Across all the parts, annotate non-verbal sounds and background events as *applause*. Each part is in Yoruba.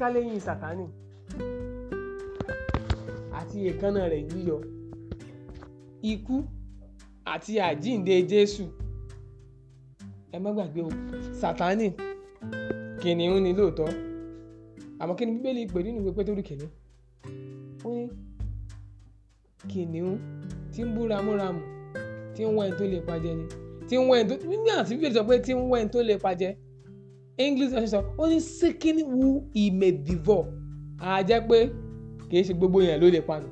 ká lẹ́yìn sàtánì àti èékánná rẹ̀ yíyọ ikú àti àjíǹde Jésù ẹ má gbàgbé o sàtánì kìnìún ni lóòótọ́ àmọ́ kí ni Bíbélì pè nínú ìwé Pétérù kìnní ó ní kìnìún tí ń bú ramúramù tí ń wá ẹni tó lè pajẹ ni tí ń wá ẹni tó nígbà tí Bíbélì sọ pé tí ń wá ẹni tó lè pajẹ english ọ̀ṣẹ̀ṣọ̀ ó ní seeking who he may devour á jẹ́ pé kìí ṣe gbogbo yẹn ló lè panu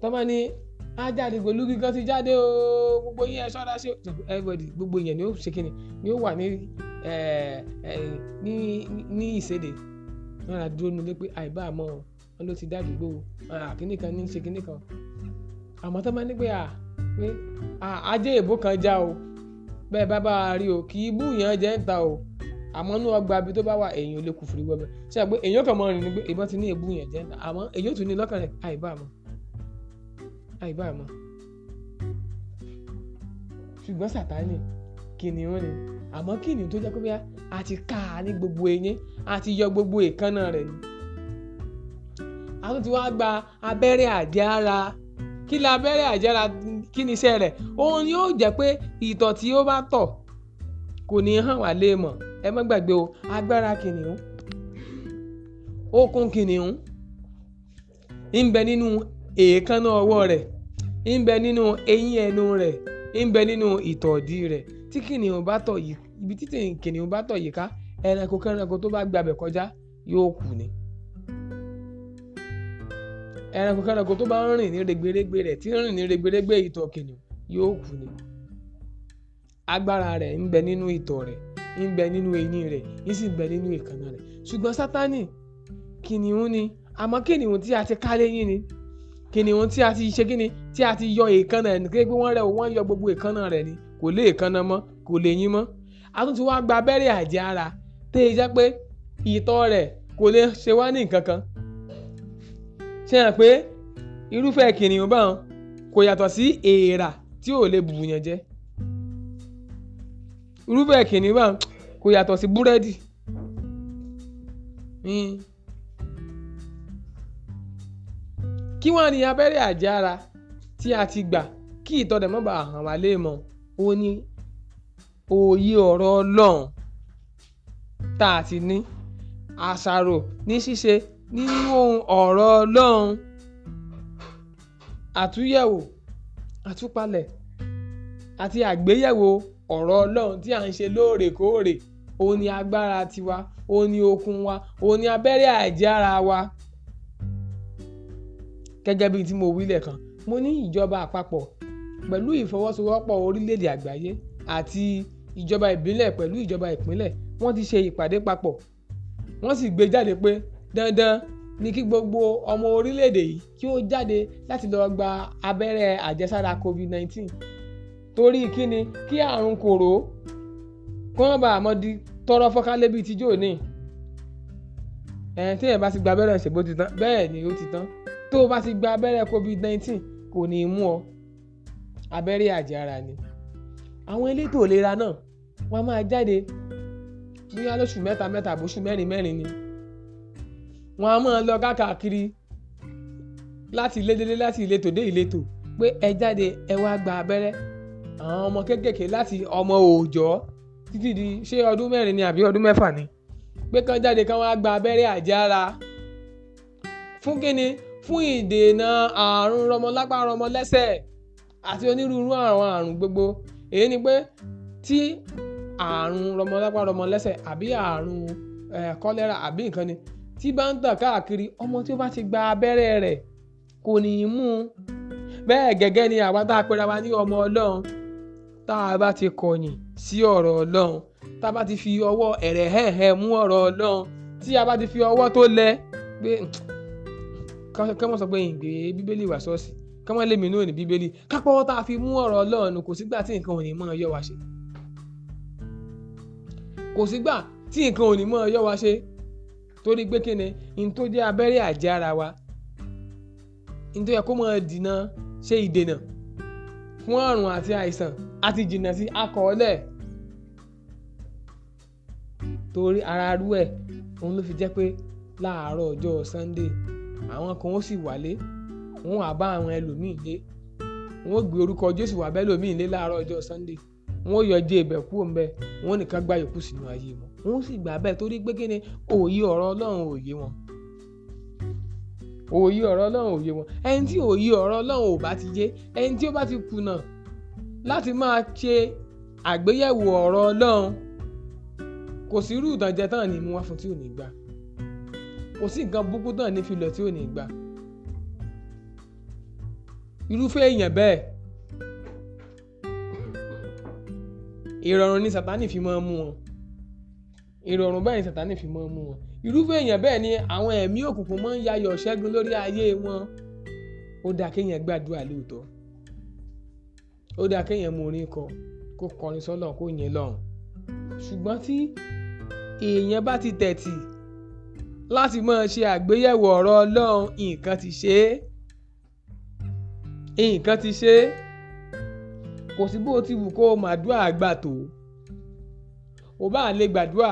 tọ́mọ ni ajáde pẹ̀lú gígan ti jáde o gbogbo yẹn ṣọ́ra ṣe everybody gbogbo yẹn ni ó ṣe kíni ni ó wà ní ní ní ìṣèdè wọn là dúró nílé pé àìbá àmọ́ wọn ló ti dádúgbò kíní kan ní ṣe kíní kan àmọ́ tọ́mọ ni pé à pé kan já o bẹ́ẹ̀ bá bá a rí o kì í búyàn jẹ́ ń ta o àmọ́ inú ọgbà abi tó bá wà èyàn ò lè kú fìrí wẹ́bẹ̀ ṣe àgbẹ̀ èyàn kàn mọ́ rìn ní pé ìbọn ti ní èbúyàn jẹ́ ń ta àmọ́ èyàn tún ní lọ́kàn rẹ̀ àìbá àmọ́ àìbá àmọ́ ṣùgbọ́n sàtáni kìnìún ni àmọ́ kìnìún tó jẹ́ pé bíyà a ti ká a ní gbogbo eyín a ti yọ gbogbo èékánná rẹ̀ ni a tún ti wá gba abẹ́rẹ́ àjẹára kí la abẹ́rẹ́ àjẹára kí ni iṣẹ́ rẹ̀ òun yóò jẹ́ pé ìtọ̀ tí ó bá tọ̀ kò ní hàn wá lé mọ̀ ẹ má gbàgbé o agbára kìnìún okun kìnìún ń bẹ nínú èékánná ọwọ́ rẹ̀ ń bẹ nínú eyín ẹnu rẹ̀ ń bẹ nínú ìtọ̀dí rẹ̀ tí kìnìún bá tọ̀ yìí ibi títì kìnìún bá tọ̀ yìí ká ni. ẹranko kẹranko tó bá ń rìn ní regberegbe rẹ̀ tí ń rìn ní regberegbe ìtọ̀ kìnìún yóò kú ni agbára rẹ̀ ń bẹ nínú ìtọ̀ rẹ̀ ń bẹ nínú eyín rẹ̀ ń sì bẹ nínú ìkànnà rẹ̀ ṣùgbọ́n sátánì kìnìún ni àmọ́ kìnìún tí a ti ká léyìn ni kìnìún tí a ti ṣe kíni tí a ti yọ èékánná rẹ̀ nígbà pé wọ́n rẹ̀ wọ́n yọ gbogbo èékánná rẹ̀ ni kò lé èékánná mọ́ kò lè yín mọ́ a tún ti wá gba abẹ́rẹ́ àjẹára tẹ́ ẹ jẹ́ pé ìtọ̀ rẹ̀ kò lè ṣe wá ní nǹkan kan ṣe hàn pé irúfẹ́ kìnìún báwọn kò yàtọ̀ sí èèrà tí ò lè bùyàn jẹ irúfẹ́ kìnìún báwọn kò yàtọ̀ sí búrẹ́dì hmm. kí wọ́n ní abẹ́rẹ́ àjára tí a ti gbà kí ìtọ́dẹ̀ mọ́ hàn wá lé mọ́ ó ní òye ọ̀rọ̀ ọlọ́run tá a ti ní àṣàrò ní ṣíṣe nínú ọ̀rọ̀ Ọlọ́run àtúnyẹ̀wò àtúpalẹ̀ àti àgbéyẹ̀wò ọ̀rọ̀ Ọlọ́run tí à ń ṣe lóòrèkóòrè òun ni agbára tiwa òun ni okun wa òun ni abẹ́rẹ́ àjẹára wa gẹ́gẹ́ bíi tí mo wí lẹ́ẹ̀kan mo ní ìjọba àpapọ̀ pẹ̀lú ìfọwọ́sowọ́pọ̀ orílẹ̀-èdè àgbáyé àti ìjọba ìbílẹ̀ pẹ̀lú ìjọba ìpínlẹ̀ wọ́n ti ṣe ìpàdé papọ̀ wọ́n sì gbé jáde pé dandan ni kí gbogbo ọmọ orílẹ̀-èdè yìí kí ó jáde láti lọ gba abẹ́rẹ́ àjẹsára covid-19 torí kíni kí àrùn kòró kó má bàa mọ di tọrọ fọ́nkálé bíi tíjọ́ ní ẹ̀ẹ́n téèyàn bá ti gba abẹ́rẹ́ ṣègbó ti tán bẹ́ẹ̀ ni ó ti tán tó o bá ti gba abẹ́rẹ́ covid-19 kò ní í mú ọ abẹ́rẹ́ àjẹsára ni àwọn elétò ìlera náà wọ́n á máa jáde bóyá lóṣù mẹ́ta mẹ́ta àbóṣù mẹ́rin mẹ́rin ni wọn a máa lọ káàkiri láti ilé délé láti ìletò dé ìletò pé ẹ jáde ẹ wá gba abẹ́rẹ́ àwọn ọmọ kéékèèké láti ọmọ òòjọ́ títí di ṣé ọdún mẹ́rin ni àbí ọdún mẹ́fà ni pé kán jáde kán wá gba abẹ́rẹ́ àjára fún kíni fún ìdènà àrùn rọmọlápá rọmọlẹ́sẹ̀ àti onírúurú àwọn àrùn gbogbo èyí ni pé tí àrùn rọmọlápá rọmọlẹ́sẹ̀ àbí àrùn kọ́lẹ́rà àbí nǹkan ni tí bá ń tàn káàkiri ọmọ tí ó bá ti gba abẹ́rẹ́ rẹ̀ kò ní í mú un bẹ́ẹ̀ gẹ́gẹ́ ni àwa tá a pera wa ní ọmọ ọlọ́run tá a bá ti kọ̀yìn sí ọ̀rọ̀ ọlọ́run tá a bá ti fi ọwọ́ ẹ̀rẹ̀hẹ̀hẹ̀ mú ọ̀rọ̀ ọlọ́run tí a bá ti fi ọwọ́ tó lẹ pé kọ́mọ́ sọ pé ìgbé bíbélì wà sọ́ọ̀sì kọ́mọ́ lèmi náà ní bíbélì kápọ́wọ́ tá a fi mú ọ̀rọ̀ ọlọ́run kò sígbà tí nǹkan ò ní máa yọ wá ṣe kò sígbà tí nǹkan ò ní máa yọ wá ṣe torí pé kí ni n tó jẹ́ abẹ́rẹ́ àjẹ́ wa n tó yẹ kó máa dìna ṣe ìdènà fún àrùn àti àìsàn a ti jìnnà sí akọọ́lẹ̀ torí ara rú ẹ̀ òun ló fi jẹ́ pé láàárọ̀ ọjọ́ Sunday àwọn kan ó sì wálé wọn á bá àwọn ẹlòmíì lé wọn ó gbé orúkọ Jésù wá bẹ́lòmíì lé láàárọ̀ ọjọ́ Sunday wọ́n yọjú ibẹ̀ kúrò ń bẹ̀ wọ́n nìkan gbá yòókù sínú ayé wọn wọ́n sì gbà bẹ́ẹ̀ torí pé kíni òye ọ̀rọ̀ Ọlọ́run òye wọn òye ọ̀rọ̀ Ọlọ́run òye wọn ẹni tí òye ọ̀rọ̀ Ọlọ́run ò bá ti yé ẹni tí ó bá ti kùnà láti máa ṣe àgbéyẹ̀wò ọ̀rọ̀ Ọlọ́run kò sí irú ìdànjẹ tán ni mú wá fún tí ò ní gbà kò sí nǹkan burúkú tán ní filọ̀ tí ò ní gbà irúfẹ́ èèyàn bẹ́ẹ̀ ìrọ̀rùn ni sàtánì fi máa ń mú wọn ìrọ̀rùn bẹ́ẹ̀ ni sàtánì fi máa ń mú wọn irúfẹ́ èèyàn bẹ́ẹ̀ ni àwọn ẹ̀mí òkùnkùn máa ń yayọ̀ ṣẹ́gun lórí ayé wọn ó dáa kéèyàn gbàdúrà lóòótọ́ ó dáa kéèyàn mú orin kọ kó kọrin sọ́lọ̀ kó yìn lọ́run ṣùgbọ́n tí èèyàn bá ti tẹ̀tì láti máa ṣe àgbéyẹ̀wò ọ̀rọ̀ Ọlọ́run nǹkan ti ṣe é nǹkan ti ṣe é kò sí bó ti wù kó o màdúrà àgbà tó o bá lè gbàdúrà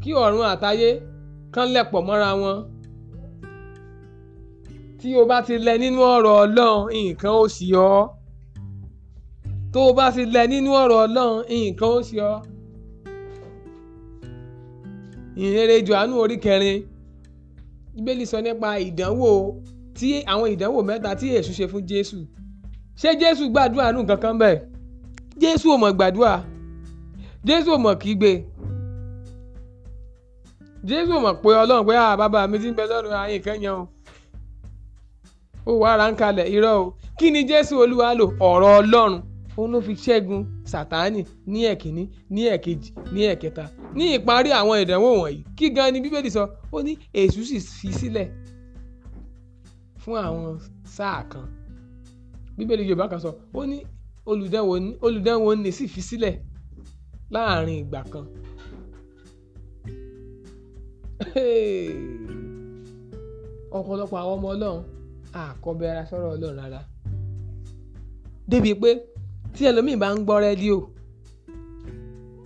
kí ọ̀run àtayé kán lẹ̀pọ̀ mọ́ra wọn tí o bá ti lẹ nínú ọ̀rọ̀ Ọlọ́run nǹkan ó sì ọ́ tó o bá ti lẹ nínú ọ̀rọ̀ Ọlọ́run nǹkan ó sì ọ́ ìrere Jòhánù orí kẹrin Bíbélì sọ nípa ìdánwò tí àwọn ìdánwò mẹ́ta tí Èṣù ṣe fún Jésù ṣé jésù gbàdúrà nù kankan bẹ́ẹ̀ jésù ò mọ̀ gbàdúrà jésù ò mọ̀ kígbe jésù ò mọ̀ pé ọlọ́run pé àà ah, bàbá mi ti ń bẹ lọ́run ayé kẹ́yìn o ó wà ara ń kalẹ̀ irọ́ o kí ni jésù olúwa lò ọ̀rọ̀ ọlọ́run òun ló fi ṣẹ́gun sátánì ní ẹ̀kíní ní ẹ̀kejì ní ẹ̀kẹta ní ìparí àwọn ìdánwò wọ̀nyí kí gan ni bíbélì sọ ó ní èṣù sì fi sílẹ̀ fún àwọn sáà kan bíbélì yorùbá kan sọ ó ní olùdánwò ní sì fi sílẹ̀ láàrin ìgbà kan ọ̀pọ̀lọpọ̀ àwọn ọmọ ọlọ́run àkọ́bẹ̀ ara sọ̀rọ̀ ọlọ́run rárá débi pé tí ẹlòmíì bá ń gbọ́ rẹ́díò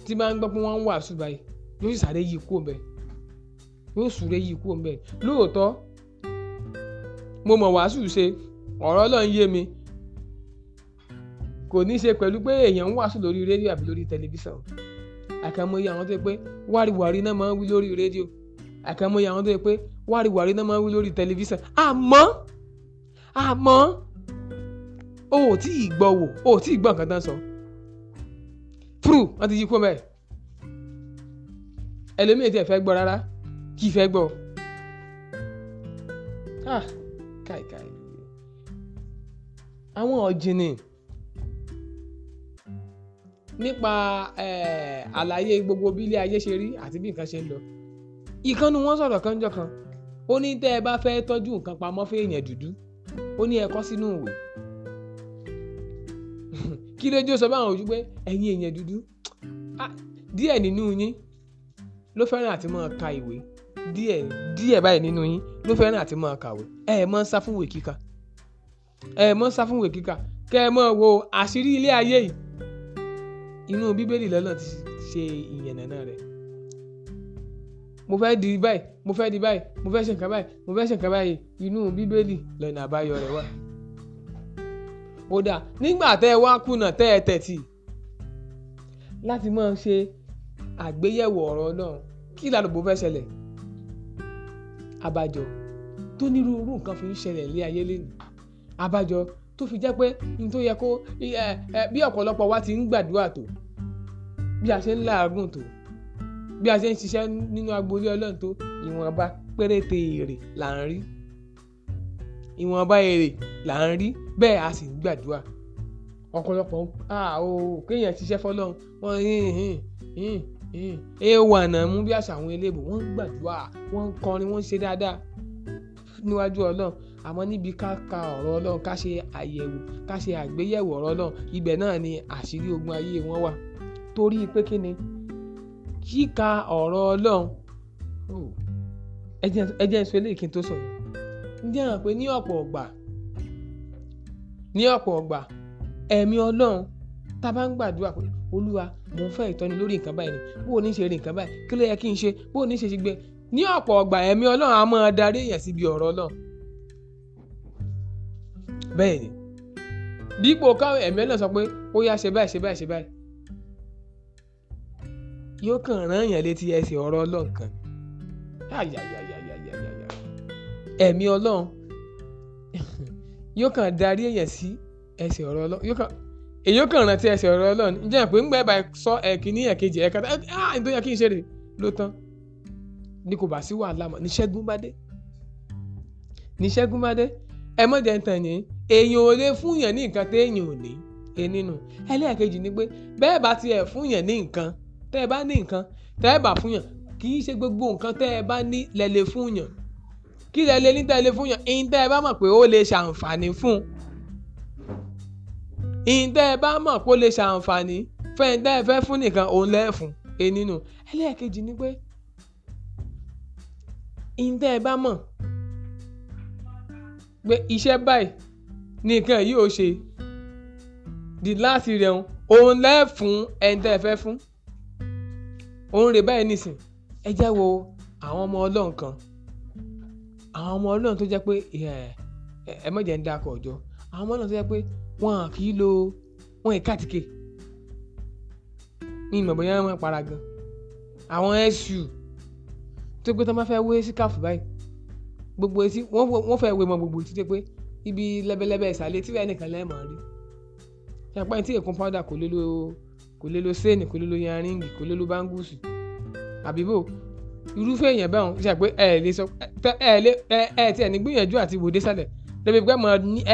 tí bá ń gbọ́ pé wọ́n ń wàásù báyìí yóò sáré yí kúrò mbẹ̀ yóò súré yí kúrò mbẹ̀ lóòótọ́ mo mọ̀ wàásù ṣe ọ̀rọ̀ ọlọ́run yé mi kò ní í ṣe pẹ̀lú pé èèyàn ń wàásù lórí rédíò àbí lórí tẹlifíṣàn àkàmọye àwọn tó yẹ pé wáriwárí náà máa ń wí lórí rédíò àkàmọye àwọn tó yẹ pé wáriwárí náà máa ń wí lórí tẹlifíṣàn àmọ́ àmọ́ o ò tí ì gbọ́ wò o ò tí ì gbọ́ nǹkan tán sọ fúrù wọ́n ti yí kó mẹ́ẹ̀ ẹlòmíì tí ẹ fẹ́ gbọ́ rárá kì í fẹ́ gbọ́ káìkáì ah, àwọn ọ̀jìnì nípa àlàyé gbogbo bí ilé ayé ṣe rí àti bí nǹkan ṣe ń lọ ìkànnì wọn sọ̀rọ̀ kánjọ́ kan ó ní tẹ́ ẹ bá fẹ́ tọ́jú nǹkan pamọ́ fún èèyàn dúdú ó ní ẹ kọ sínú ìwé *laughs* kí lójú sọ báwọn ojú pé ẹ̀yin èèyàn dúdú díẹ̀ nínú yín ló fẹ́ràn àti máa ka ìwé díẹ̀ díẹ̀ báyìí nínú yín ló fẹ́ràn àti máa kàwé ẹ ẹ sá fún ìwé kíkà ẹ ẹ sá fún ìwé kíkà kẹ ẹ máa wo àṣírí ilé ayé yìí inú bíbélì lọ́lọ́ ti ṣe ìyànnànà rẹ̀ mo fẹ́ di báyìí mo fẹ́ di báyìí mo fẹ́ ṣe nǹkan báyìí mo fẹ́ ṣe nǹkan báyìí inú bíbélì lọ́nà àbáyọ rẹ̀ wà. ó dà nígbà tẹ́ ẹ wá kùnà tẹ́ ẹ tẹ̀tì láti máa ṣe àgbéyẹ̀wò ọ̀rọ̀ Ọlọ́run kí ìlànàbò fẹ́ ṣẹlẹ̀ àbájọ tó nírúurú nǹkan fi ń ṣẹlẹ̀ lé ayé lẹ́nu àbájọ tó fi jẹ́ pé ní tó yẹ kó bí ọ̀pọ̀lọpọ̀ wa ti ń gbàdúrà tó bí a ṣe ń làágùn tó bí a ṣe ń ṣiṣẹ́ nínú agboolé ọlọ́run tó ìwọ̀nba péréte èrè là ń rí ìwọ̀nba èrè là ń rí bẹ́ẹ̀ a sì ń gbàdúrà ọ̀pọ̀lọpọ̀ àò kéèyàn ṣiṣẹ́ fọlọ́run wọ́n ewu àná mú bí àṣà àwọn eléèbò wọ́n ń gbàdúrà wọ́n ń kọrin wọ́n ń ṣe dáadáa níwájú ọlọ́run àmọ́ níbi ká ka ọ̀rọ̀ ọlọ́run ká ṣe àyẹ̀wò ká ṣe àgbéyẹ̀wò ọ̀rọ̀ ọlọ́run ibẹ̀ náà ni àṣírí ogun ayé wọn wà torí pé kí ni kíka ọ̀rọ̀ ọlọ́run ẹ jẹ́ sọ eléyìí kí n tó sọ yìí ǹjẹ́ hàn pé ní ọ̀pọ̀ ọ̀gbà ní ọ̀pọ̀ ọ̀gbà ẹ̀mí ọlọ́run tá a bá ń gbàdúrà pé olúwa mò ń fẹ́ ìtọ́ni lórí nǹkan báyìí ni bó o ní ṣe rí nǹkan báyìí kí ló yẹ kí n ṣe bó o ní ṣe ṣe gbé ní ọ̀pọ̀ ọ̀gbà ẹ̀mí ọlọ́run á máa darí èèyàn síbi ọ̀rọ̀ ọlọ́run bẹ́ẹ̀ ni dípò káwọn ẹ̀mí náà sọ pé ó yá ṣe báyìí ṣe báyìí ṣe báyìí yóò kàn rán èèyàn létí ẹsẹ̀ ọ̀rọ̀ ọlọ́run kan ẹ̀mí ọlọ́run yóò kàn darí èèyàn sí ẹsẹ̀ ọ̀rọ̀ ọlọ́run yóò kàn èyí ó kàn rántí ẹsẹ̀ ọ̀rọ̀ ọlọ́run ǹjẹ́ pé ńgbà ẹ̀bà sọ ẹ̀kíní ẹ̀kejì ẹ̀ka tá ah nítorí yẹ kí n ṣe rè ló tán ni kò bá sí wàhálà mọ́ níṣẹ́gun bá dé níṣẹ́gun bá dé ẹ mọ̀ jẹ́ ń tàn yín èèyàn ò lè fún yàn ní nǹkan téèyàn ò ní e nínú ẹlẹ́ẹ̀kejì ni pé bẹ́ẹ̀ bá tiẹ̀ fún yàn ní nǹkan tẹ́ ẹ bá ní nǹkan tẹ́ ẹ bá fún yàn kì í ṣe gbogbo nǹkan tẹ́ ẹ bá ní lẹ́ lè fún yàn kí lẹ́ lè ní tẹ́ ẹ lè fún yàn ìyìn tẹ́ ẹ bá mọ̀ pé ó lè ṣàǹfààní fún ìyìn tẹ́ ẹ bá mọ̀ pé ó lè ṣàǹfààní fẹ́yìn tẹ́ ẹ fẹ́ fún nìkan òun lẹ́ fún e nínú ẹlẹ́ẹ̀kejì ni pé ìyìn tẹ́ ẹ bá mọ̀ pé iṣẹ́ báyìí ní nǹkan yìí ó ṣe the last rẹ̀ ń òun lẹ́ fún ẹni tẹ́ ẹ fẹ́ fún òun rè báyìí nìsín ẹ jẹ́ wo àwọn ọmọ ọlọ́run kan àwọn ọmọ ọlọ́run tó jẹ́ pé ẹ mọ̀jẹ̀ ń dakọ̀ ọ̀jọ́ àwọn ọmọ ọlọ́run tó jẹ́ pé wọn kì í lo wọn kì í kàtìkè ní ìmọ̀ bóyá wọn para gan àwọn su tó pé tó máa fẹ́ wé síkàfù báyìí gbogbo etí wọ́n fẹ́ wé mọ gbogbo etí tó pé ibi lẹ́bẹ̀lẹ́bẹ̀ ìsàlẹ̀ tí ẹnìkan lẹ́ẹ̀mọ́ rí ṣàpá ẹni tí èkó powder kò lè lo kò lè lo séènì kò lè lo yanríngì kò lè lo bángùsì àbíbò irúfẹ́ èèyàn báwọn ṣàpé ẹ lè sọ ẹ lè ẹ tí ẹ ní gbìyànjú àti wòde sálẹ̀ lẹ́bi pé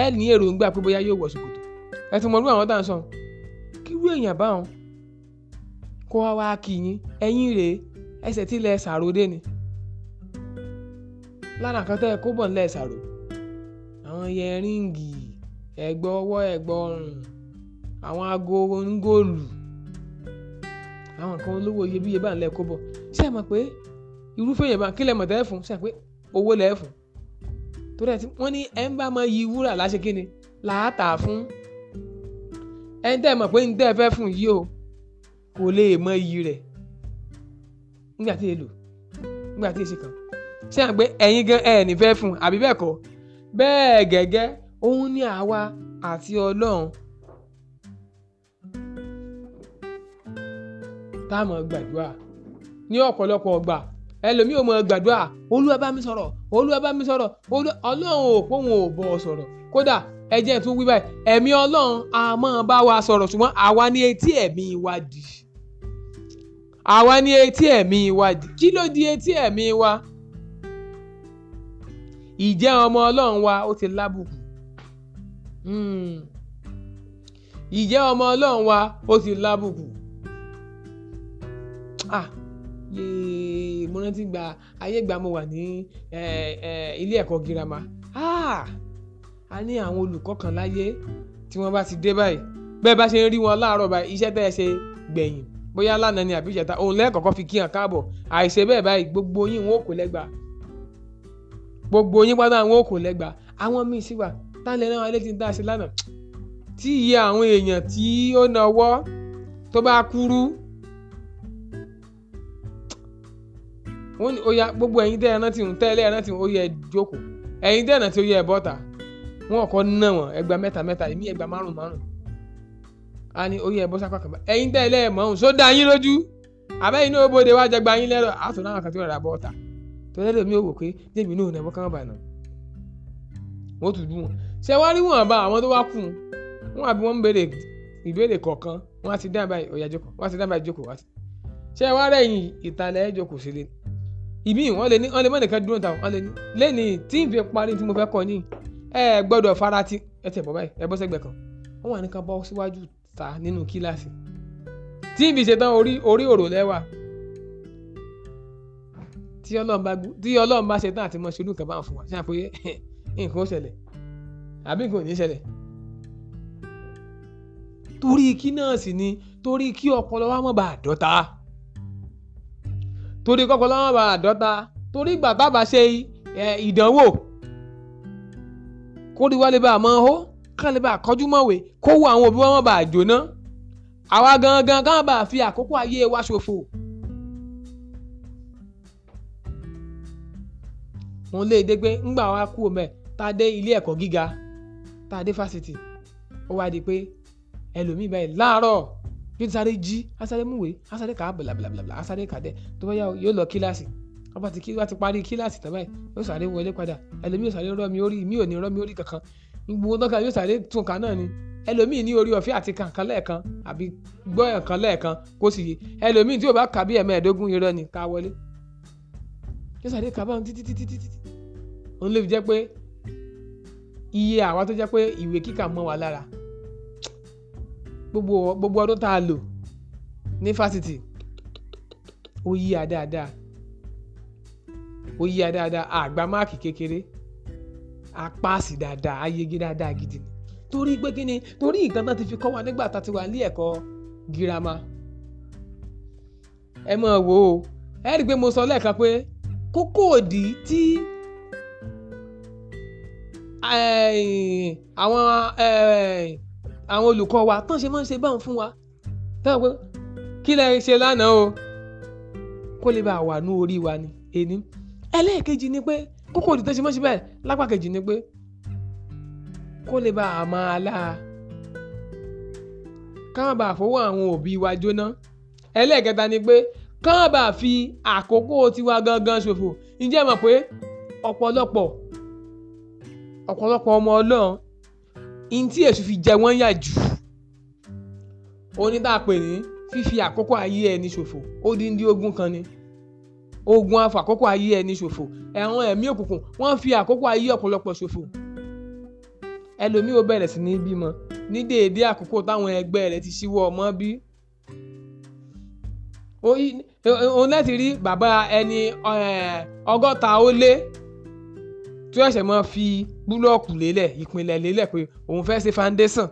ẹ ní èròǹgbà pé bóyá yóò wọ̀ ṣòkòtò ẹ ti mọ irú àwọn tá à ń sọ kírú èèyàn báwọn kó wá wá kì yín ẹ̀yin rèé ẹsẹ̀ tí lẹ ṣàròdé ni lára nǹkan tẹ́ ẹ kó bọ̀ ń lẹ ṣàròdé àwọn yẹríǹgì ẹ̀gbà ọwọ́ ẹ̀gbà ọrùn àwọn aago onígòòlù àwọn nǹkan olówó iyebíye bá ń lẹ kó bọ̀ ṣé ẹ mọ̀ pé irúfẹ́ yẹn bá kí lẹ mọ̀ tẹ́ fún ṣé ẹ pé owó lẹ fún torí ẹ ti wọ́n ní ẹ ń bá mọ yí wúrà láṣẹ kí ni làátà fún ẹ ń tẹ́ mọ̀ pé ń tẹ́ fẹ́ fún yìí o kò lè mọ iyì rẹ̀ nígbà tí èlò nígbà tí èsì kan ṣé ẹ pé ẹ̀yin gan ẹ̀ ní fẹ́ fún àbí bẹ́ẹ̀ kọ́ bẹ́ẹ̀ gẹ́gẹ́ òun ni àwa àti Ọlọ́run tá a máa gbàdúrà ní ọ̀pọ̀lọpọ̀ ọgbà ẹlòmíì ò máa gbàdúrà Olúwa mi sọ̀rọ̀ Olúwa bá mi sọ̀rọ̀ Ọlọ́run ò pòun ò bọ̀ sọ̀rọ̀ kódà ẹjẹ́ tún wí báyìí ẹ̀mí Ọlọ́run a máa bá wa sọ̀rọ̀ ṣùgbọ́n àwa ní etí ẹ̀mí wa dì àwa ní etí ẹ̀mí wa dì kí ló di etí ẹ̀mí wa ìjẹ́ ọmọ ọlọ́run wa ó ti lábùkù hmm. ìjẹ́ ọmọ ọlọ́run wa ó ti lábùkù ah yéé mo rántí gba ayé gba mo wà ní ilé ẹ̀kọ́ girama ah a ní àwọn olùkọ́ kan láyé tí wọ́n bá ti dé báyìí bẹ́ẹ̀ bá ṣe ń rí wọn láàárọ̀ báyìí iṣẹ́ tẹ́ ẹ ṣe gbẹ̀yìn bóyá lánàá ni àbí ìjẹta òun lẹ́ẹ̀kọ̀ọ̀kan fi kí hàn káàbọ̀ àìṣe bẹ́ẹ̀ báyìí gbogbo yín wọn ò kó lẹ́gbàá gbogbo yín pátá àwọn òkò lẹ́gbàá àwọn míì sì wà tálẹ̀ náà alẹ́ ti dá sí lánàá tí iye àwọn èèyàn tí ó náwó tó bá kúrú wọ́n ní oya gbogbo ẹ̀yin tẹ́ ẹran tí ń tẹ́lẹ̀ ẹran tí ó yẹ jókòó ẹ̀yin tẹ́ ẹran tí ó yẹ bọ́ta wọ́n kọ́ ná wọn ẹgbàá mẹ́ta mẹ́ta èmi ẹgbàá márùn márùn a ní ó yẹ bọ́ sápá kan ẹ̀yin tẹ́lẹ̀ mọ́hún sódà yín lójú àbẹ́yìn ní ó bóde wá yín lẹ́rọ àtúnáwọn kan tí rà bọ́ta tọ́lá ẹ̀dọ̀ mi ò wò pé jẹ́mi náà ní ẹ̀mọ́ kan bá nà wọ́n tún dùn wọ́n ṣé wá rí wọn bá àwọn tó wá kù wọn àbí wọn ń béèrè ìbéèrè kọ̀ọ̀kan wọn á ti dá báyìí ọ̀yà jókòó wọn á ti dá báyìí jókòó wá sí ṣé wá rẹ̀yìn ìtàlẹ̀ ẹ̀ jókòó sí lẹ́nu ìbí wọn lè ní wọn lè mọ nìkan dúró táwọn lè ní lẹ́nìí tí n fi parí tí mo fẹ́ kọ́ ní ẹ gbọ́dọ̀ farati ẹ tẹ̀ bọ́ báyìí ẹ bọ́ sẹ́gbẹ̀ẹ́ kan wọn wà nìkan bọ́ síwájú ta nínú kíláàsì tí n fi ṣetán orí orí òrò lẹ́wà tí ọlọ́run bá ṣe tán àti mọ̀ ṣe irú nǹkan báwọn fún wa ṣáà pé *laughs* nǹkan ó ṣẹlẹ̀ àbí nǹkan ò ní ṣẹlẹ̀ torí kí náà sì ni torí kí ọpọlọ wa má bá dọ́ta torí kí ọpọlọ wa má bá dọ́ta torí ìgbà tá a bá ṣe ìdánwò kórìí wálé bá a mọ́ ọ́ kán lè bá àkọ́jú mọ̀wé kó wo àwọn òbí wọn bá jóná àwa gangan kán bá fi àkókò ayé wa ṣòfò òun lè dé pé ńgbà wa kú omi ẹ̀ tá a dé ilé ẹ̀kọ́ gíga tá a dé fásitì ó wá di pé ẹlòmíì báyìí láàárọ̀ yóò ti sáré jí asáré múwèé asáré kà á blablabla asáré kà á dẹ̀ tó bá yà yóò lọ kíláàsì ọba ti wá ti parí kíláàsì tán báyìí yóò sáré wọlé padà ẹlòmíì yóò sáré rọ́ mi orí mi ò ní rọ́ mi orí kankan gbogbo dọ́kà yóò sáré tún kan náà ni ẹlòmíì ní orí ọ̀fẹ́ àti kankan lẹ́ẹ̀kan àbí gbọ́ ẹ̀kan lẹ́ẹ̀kan kó sì yé ẹlòmíì tí yóò bá kà bí ẹ̀mẹ́ẹ̀ẹ́dógún irọ́ ni ká wọlé yóò sáré kà báwọn títí títí títí òun ló fi jẹ́ pé iye àwa tó jẹ́ pé ìwé kíkà mọ́ wa lára gbogbo gbogbo ọdún tá a lò ní fásitì ó yí a dáadáa ó yí a dáadáa àgbà máàkì kékeré a páàsì dáadáa a yege dáadáa gidi torí pé kíni torí nǹkan náà ti fi kọ́ wa nígbà tá a ti wà ní ẹ̀kọ́ girama ẹ mọ̀ wò ó ẹ rí i pé mo sọ lẹ́ẹ̀kan pé kókó òdì tí àwọn àwọn olùkọ́ wa tán ṣe máa ń ṣe báwọn fún wa táwọn pé kí lẹ ṣe lánàá o kó lè bá wà ní orí wa ni èní ẹlẹ́ẹ̀kejì ni pé kókó òdì tán ṣe máa ń ṣe bẹ́ẹ̀ lápá kejì ni pé kó lè bá a máa láa káwọn bá fowó àwọn òbí wa jóná ẹlẹ́ẹ̀kẹta ni pé káwọn bá fi àkókò tiwa gangan ṣòfò ǹjẹ́ mọ̀ pé ọ̀pọ̀lọpọ̀ ọ̀pọ̀lọpọ̀ ọmọ ọlọ́run ihun tí èṣù fi jẹ wọ́n yà jù onídàpẹ̀ ní fífi àkókò ayé ẹni ṣòfò ó dín dín ogún kan ni ogun afọ àkókò ayé ẹni ṣòfò ẹ̀wọ̀n ẹ̀mí òkùnkùn wọ́n fi àkókò ayé ọ̀pọ̀lọpọ̀ ṣòfò ẹlòmíì ó bẹ̀rẹ̀ sí ní bímọ ní déédé àkókò táwọn ẹgbẹ́ rẹ̀ ti ṣíwọ́ ọmọ bí òun láti rí bàbá ẹni ọgọ́ta ó lé tó ẹ̀ṣẹ̀ máa fi búlọ́ọ̀kù lélẹ̀ ìpìlẹ̀ lélẹ̀ pé òun fẹ́ ṣe foundation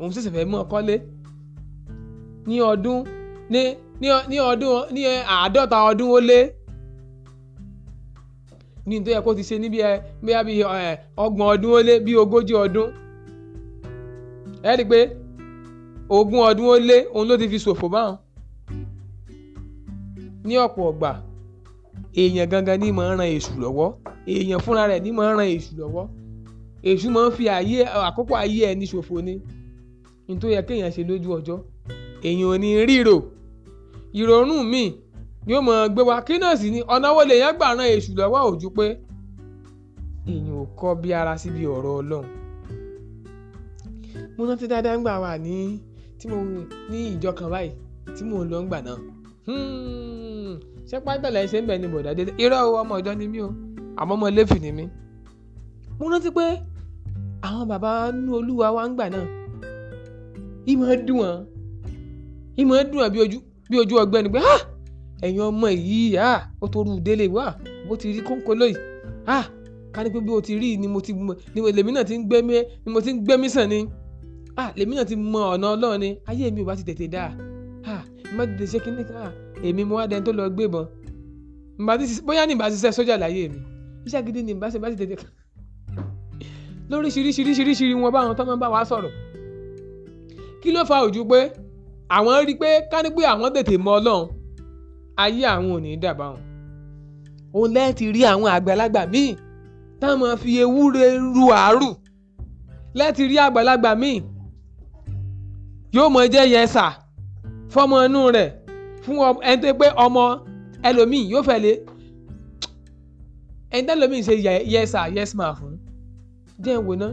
òun ṣẹ̀ṣẹ̀ fẹ́ mọ́ kọ́lé ní ọdún ní ní ọdún ní àádọ́ta ọdún ó lé ní nítorí ẹ kó ti ṣe ní bí ẹ bóyá bí ọgbọ̀n ọdún ó lé bí ogójì ọdún ẹ rí i pé ogún ọdún ó lé òun ló ti fi ṣòfò báwọn ní ọ̀pọ̀ ọgbà èèyàn gangan ní máa ń ran èṣù lọ́wọ́ èèyàn fúnra rẹ̀ ní máa ń ran èṣù lọ́wọ́ èṣù máa ń fi àyè àkókò ayé ẹni ṣòfò ni ní yẹ kéèyàn ṣe lójú ọjọ́ èèyàn ò ní ríro ìrònú míì ni ó máa gbé wa kí náà sì ni ọ̀nà wo lèèyàn gbà ran èṣù lọ́wọ́ òjú pé èèyàn ò kọ́ bí ara síbi ọ̀rọ̀ ọlọ́run mo rántí dáadáa ń wà ní tí mo ní ìjọ kan báyìí tí mò lọ ń náà hmm ṣé pátá lẹ́yìn ṣe ń bẹ̀ ni bọ̀dá dé irọ́ o ọmọ ọ̀dọ́ ni mí o àmọ́ ọmọ lẹ́fì ni mí. mo rántí pé àwọn bàbá nú olúwa wa ń gbà náà ìmọ̀ dùn wọn ìmọ̀ dùn wọn bí ojú ọgbẹ́ ni pé ah ẹ̀yin ọmọ yìí ah ó torú délé wa bó ti rí kóńkó lóyìí ah ká ní pé bí o ti rí ni mo ti mọ ni lèmi náà ti ń gbẹ́mí ni mo ti ń gbẹ́mí sàn ni ah lèmi náà ti mọ ọ̀nà ọlọ́run ni ayé mi ò bá ti tètè dáa ah má dìde ṣe kínní kan ah, èmi mo wá tó lọ gbébọn bóyá ní ìbá ṣiṣẹ́ sójà láyé mi iṣẹ́ gidi ní ìbá ṣe bá ti tètè kàn lóríṣiríṣiríṣiríṣiri wọn báwọn tó máa ń bá wa sọ̀rọ̀ kí ló fa ojú pé àwọn rí i pé ká ní pé àwọn tètè mọ ọlọ́run ayé àwọn ò ní í dàbà wọn òun lẹ́ẹ̀ ti rí àwọn àgbàlagbà míì táwọn fi ewúrẹ́ ru àárù lẹ́ẹ̀ ti rí àgbàlagbà míì yóò mọ jẹ́ yẹn sà fọmọ inú rẹ̀ fún ẹni tó pé ọmọ ẹlòmíì yóò fẹ́ lé ẹni tó ẹlòmíì ṣe yes sir ma fún jẹ́ ìwò náà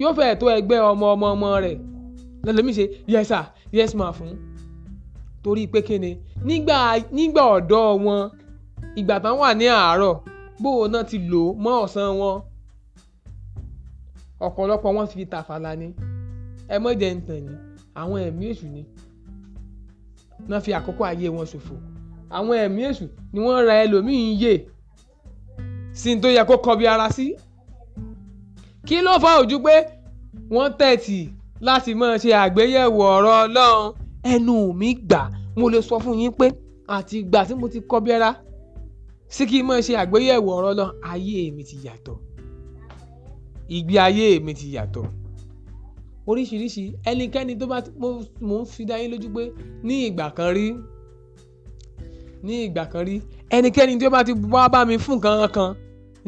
yóò fẹ́ tó ẹgbẹ́ ọmọ ọmọ ọmọ rẹ̀ lẹ́lòmíì ṣe yes sir ma fún torí pé kíni nígbà nígbà ọ̀dọ́ wọn ìgbà tán wà ní àárọ̀ bóò náà ti lò mọ́ ọ̀sán wọn ọ̀pọ̀lọpọ̀ wọn ti fi tàfàlà ni ẹ mọ̀ ń tàn ní àwọn ẹ̀mí èṣù ni náà fi àkókò ayé wọn ṣòfò àwọn ẹ̀mí èṣù ni wọ́n ra ẹlòmíín yè sí tó yẹ kó kọbi ara sí kí ló fà ojú pé wọ́n tẹ̀tì láti máa ṣe àgbéyẹ̀wò ọ̀rọ̀ ọlọ́run ẹnu mi gbà mo lè sọ fún yín pé àti ìgbà tí mo ti kọbi ara sí kí n máa ṣe àgbéyẹ̀wò ọ̀rọ̀ ọlọ́run ayé mi ti yàtọ̀ ìgbé ayé mi ti yàtọ̀ oríṣiríṣi ẹnikẹ́ni tó bá mò ń fi dá yín lójú pé ní ìgbà kan rí ní ìgbà kan rí ẹnikẹ́ni tó bá ti wá bá mi fún nǹkan kan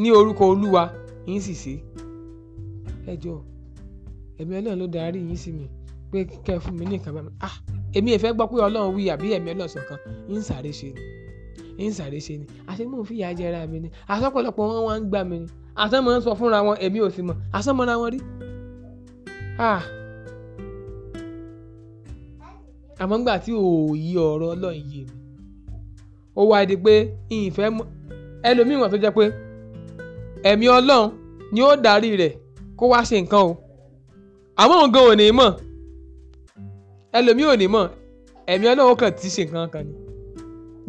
ní orúkọ olúwa yín sì ṣe ẹ jọ ẹ̀mí ló darí yín sí mi pé kẹ́ fún mi ní nǹkan bá mi ah èmi ẹ fẹ́ gbọ́ pé ọlọ́run wí àbí ẹ̀mí ọlọ́run sọ̀kan ń sáré ṣe ni ń sáré ṣe ni àti mò ń fìyà jẹra mi ni àsọpọ̀lọpọ̀ wọn wá ń gbà mí ni àsọmọ ń sọ fúnra wọn èmi ò sì mọ̀ àsọmọ ra wọn rí Ah! Àmọ́ nígbà tí òòyì ọ̀rọ̀ Ọlọ́run yé mi, ó wá di pé ìfẹ́ mọ́ ẹlòmíì wà tó jẹ́ pé ẹ̀mí Ọlọ́run ni ó darí rẹ̀ kó wá ṣe nǹkan o. Àmọ́ òun gan ò ní mọ̀ ẹlòmíì ò ní mọ̀ ẹ̀mí Ọlọ́run kàn ti ṣe nǹkan kan ni.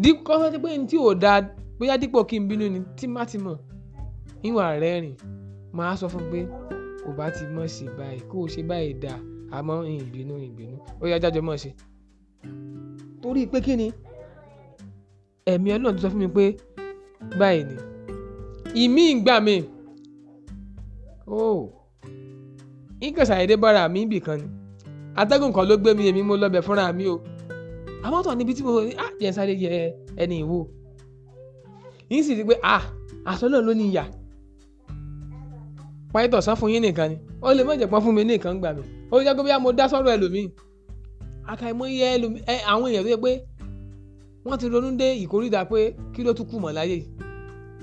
Dípò kọ́ pé ní tí ò da bóyá dípò kí n bínú ni tí má ti mọ̀ ìwà rẹ̀ rìn màá sọ fún un pé kò bá ti mọ̀ sí báyìí kó o ṣe báyìí dà àmọ́ ìbínú ìbínú ó yá jájọ mọ̀ sí. torí pé kí ni ẹ̀mí ọlọ́run ti sọ fún mi pé báyìí ni ìmí ìgbà mi ó oh. nǹkan ṣàyẹ̀dẹ̀ bára mi ibì kan ni atẹ́gùn kan ló gbé mi èmi mo lọ́bẹ̀ fúnra mi o àmọ́ tọ̀ níbi tí mo ní ah jẹ́ sáré yẹ ẹni ìwò yìí sì rí i pé ah àsọlọ́ọ̀ ló ní ìyà pàìtọ̀sán fún yín nìkan ni ó lè má jẹ́ pọ́n fún mi nìkan gbà mí ó lè jẹ́ pé bí mo dá sọ́rọ̀ ẹlòmíì àkàìmọye ẹlòmíì ẹ àwọn èèyàn tó yẹ pé wọ́n ti ronú dé ìkórìíra pé kí ló tún kù mọ́ láyé